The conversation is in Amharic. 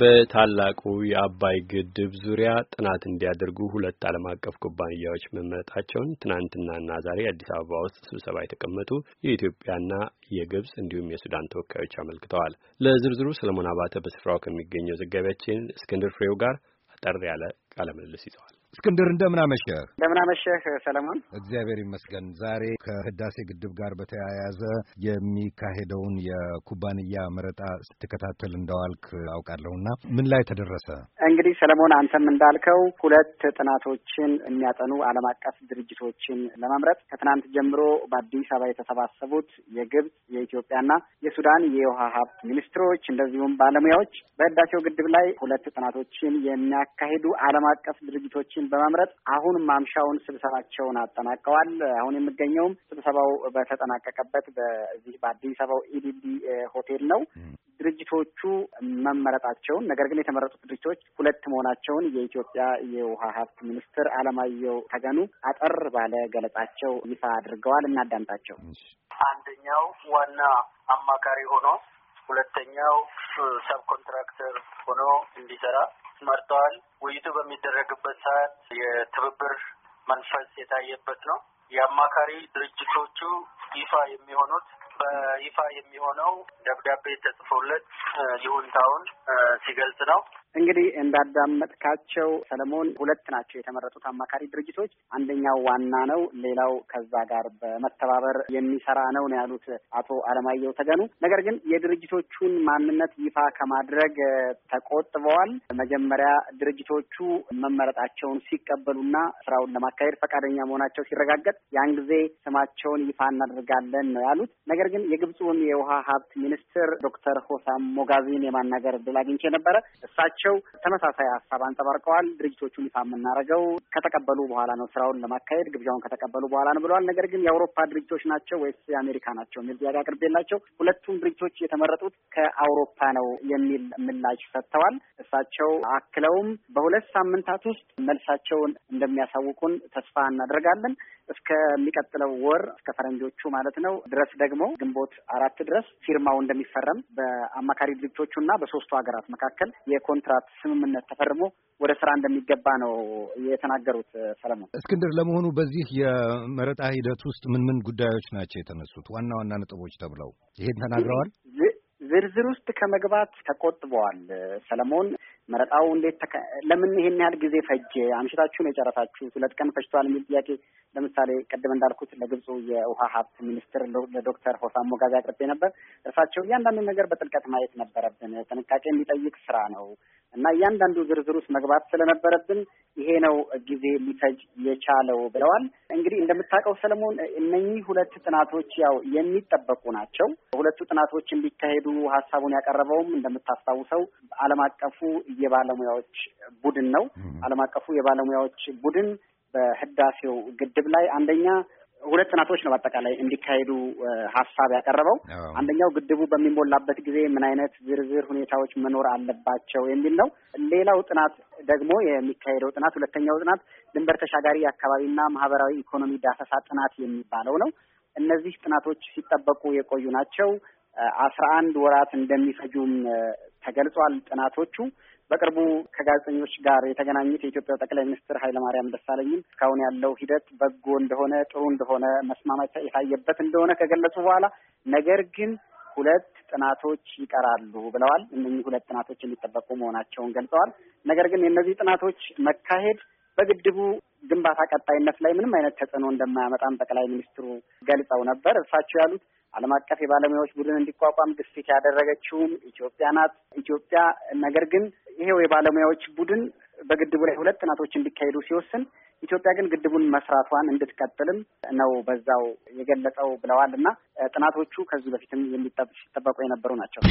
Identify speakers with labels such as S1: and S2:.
S1: በታላቁ የአባይ ግድብ ዙሪያ ጥናት እንዲያደርጉ ሁለት ዓለም አቀፍ ኩባንያዎች መመረጣቸውን ትናንትናና ዛሬ አዲስ አበባ ውስጥ ስብሰባ የተቀመጡ የኢትዮጵያና የግብጽ እንዲሁም የሱዳን ተወካዮች አመልክተዋል። ለዝርዝሩ ሰለሞን አባተ በስፍራው ከሚገኘው ዘጋቢያችን እስክንድር ፍሬው ጋር አጠር ያለ ቃለ ምልልስ ይዘዋል። እስክንድር እንደምን አመሸህ። እንደምን አመሸህ ሰለሞን። እግዚአብሔር ይመስገን። ዛሬ ከህዳሴ ግድብ ጋር በተያያዘ የሚካሄደውን የኩባንያ መረጣ ስትከታተል እንደዋልክ አውቃለሁና ምን ላይ ተደረሰ? እንግዲህ ሰለሞን አንተም እንዳልከው ሁለት ጥናቶችን የሚያጠኑ ዓለም አቀፍ ድርጅቶችን ለመምረጥ ከትናንት ጀምሮ በአዲስ አበባ የተሰባሰቡት የግብጽ የኢትዮጵያና የሱዳን የውሃ ሀብት ሚኒስትሮች እንደዚሁም ባለሙያዎች በህዳሴው ግድብ ላይ ሁለት ጥናቶችን የሚያካሂዱ ዓለም አቀፍ ድርጅቶችን ሀሳቦችን በመምረጥ አሁን ማምሻውን ስብሰባቸውን አጠናቀዋል። አሁን የምገኘውም ስብሰባው በተጠናቀቀበት በዚህ በአዲስ አበባው ኢዲቢ ሆቴል ነው። ድርጅቶቹ መመረጣቸውን ነገር ግን የተመረጡት ድርጅቶች ሁለት መሆናቸውን የኢትዮጵያ የውሃ ሀብት ሚኒስትር አለማየሁ ተገኑ አጠር ባለ ገለጻቸው ይፋ አድርገዋል። እናዳምጣቸው። አንደኛው ዋና አማካሪ ሆኖ ሁለተኛው ሰብ ኮንትራክተር ሆኖ እንዲሰራ መርጠዋል። ውይይቱ በሚደረግበት ሰዓት የትብብር መንፈስ የታየበት ነው። የአማካሪ ድርጅቶቹ ይፋ የሚሆኑት በይፋ የሚሆነው ደብዳቤ ተጽፎለት ይሁንታውን ሲገልጽ ነው። እንግዲህ እንዳዳመጥካቸው ሰለሞን፣ ሁለት ናቸው የተመረጡት አማካሪ ድርጅቶች። አንደኛው ዋና ነው፣ ሌላው ከዛ ጋር በመተባበር የሚሰራ ነው ነው ያሉት አቶ አለማየሁ ተገኑ። ነገር ግን የድርጅቶቹን ማንነት ይፋ ከማድረግ ተቆጥበዋል። መጀመሪያ ድርጅቶቹ መመረጣቸውን ሲቀበሉና ስራውን ለማካሄድ ፈቃደኛ መሆናቸው ሲረጋገጥ ያን ጊዜ ስማቸውን ይፋ እናደርጋለን ነው ያሉት። ነገር ነገር ግን የግብፁን የውሃ ሀብት ሚኒስትር ዶክተር ሆሳም ሞጋዚን የማናገር እድል አግኝቼ ነበረ። እሳቸው ተመሳሳይ ሀሳብ አንጸባርቀዋል። ድርጅቶቹን ይፋ የምናደርገው ከተቀበሉ በኋላ ነው፣ ስራውን ለማካሄድ ግብዣውን ከተቀበሉ በኋላ ነው ብለዋል። ነገር ግን የአውሮፓ ድርጅቶች ናቸው ወይስ የአሜሪካ ናቸው የሚል ጥያቄ አቅርቤላቸው ሁለቱም ድርጅቶች የተመረጡት ከአውሮፓ ነው የሚል ምላሽ ሰጥተዋል። እሳቸው አክለውም በሁለት ሳምንታት ውስጥ መልሳቸውን እንደሚያሳውቁን ተስፋ እናደርጋለን። እስከሚቀጥለው ወር እስከ ፈረንጆቹ ማለት ነው ድረስ ደግሞ ግንቦት አራት ድረስ ፊርማው እንደሚፈረም በአማካሪ ድርጅቶቹና በሶስቱ ሀገራት መካከል የኮንትራት ስምምነት ተፈርሞ ወደ ስራ እንደሚገባ ነው የተናገሩት። ሰለሞን እስክንድር፣ ለመሆኑ በዚህ የመረጣ ሂደት ውስጥ ምን ምን ጉዳዮች ናቸው የተነሱት? ዋና ዋና ነጥቦች ተብለው ይሄን ተናግረዋል። ዝርዝር ውስጥ ከመግባት ተቆጥበዋል ሰለሞን መረጣው እንዴት ለምን ይሄን ያህል ጊዜ ፈጀ? አምሽታችሁ ነው የጨረሳችሁ? ሁለት ቀን ፈጅቷል የሚል ጥያቄ ለምሳሌ ቅድም እንዳልኩት ለግብፁ የውሃ ሀብት ሚኒስትር ለዶክተር ሆሳን ሞጋዛ አቅርቤ ነበር። እርሳቸው እያንዳንዱ ነገር በጥልቀት ማየት ነበረብን፣ ጥንቃቄ የሚጠይቅ ስራ ነው እና እያንዳንዱ ዝርዝር ውስጥ መግባት ስለነበረብን ይሄ ነው ጊዜ ሊፈጅ የቻለው ብለዋል። እንግዲህ እንደምታውቀው ሰለሞን፣ እነኚህ ሁለት ጥናቶች ያው የሚጠበቁ ናቸው። ሁለቱ ጥናቶች እንዲካሄዱ ሀሳቡን ያቀረበውም እንደምታስታውሰው ዓለም አቀፉ የባለሙያዎች ቡድን ነው። ዓለም አቀፉ የባለሙያዎች ቡድን በህዳሴው ግድብ ላይ አንደኛ ሁለት ጥናቶች ነው በአጠቃላይ እንዲካሄዱ ሀሳብ ያቀረበው። አንደኛው ግድቡ በሚሞላበት ጊዜ ምን አይነት ዝርዝር ሁኔታዎች መኖር አለባቸው የሚል ነው። ሌላው ጥናት ደግሞ የሚካሄደው ጥናት ሁለተኛው ጥናት ድንበር ተሻጋሪ አካባቢና ማህበራዊ ኢኮኖሚ ዳሰሳ ጥናት የሚባለው ነው። እነዚህ ጥናቶች ሲጠበቁ የቆዩ ናቸው። አስራ አንድ ወራት እንደሚፈጁም ተገልጿል ጥናቶቹ በቅርቡ ከጋዜጠኞች ጋር የተገናኙት የኢትዮጵያ ጠቅላይ ሚኒስትር ኃይለማርያም ደሳለኝም እስካሁን ያለው ሂደት በጎ እንደሆነ ጥሩ እንደሆነ መስማማት የታየበት እንደሆነ ከገለጹ በኋላ ነገር ግን ሁለት ጥናቶች ይቀራሉ ብለዋል። እነኚህ ሁለት ጥናቶች የሚጠበቁ መሆናቸውን ገልጸዋል። ነገር ግን የእነዚህ ጥናቶች መካሄድ በግድቡ ግንባታ ቀጣይነት ላይ ምንም አይነት ተጽዕኖ እንደማያመጣም ጠቅላይ ሚኒስትሩ ገልጸው ነበር። እርሳቸው ያሉት ዓለም አቀፍ የባለሙያዎች ቡድን እንዲቋቋም ግፊት ያደረገችውም ኢትዮጵያ ናት። ኢትዮጵያ ነገር ግን ይሄው የባለሙያዎች ቡድን በግድቡ ላይ ሁለት ጥናቶች እንዲካሄዱ ሲወስን ኢትዮጵያ ግን ግድቡን መስራቷን እንድትቀጥልም ነው በዛው የገለጸው ብለዋል። እና ጥናቶቹ ከዚህ በፊትም የሚጠበቁ የነበሩ ናቸው።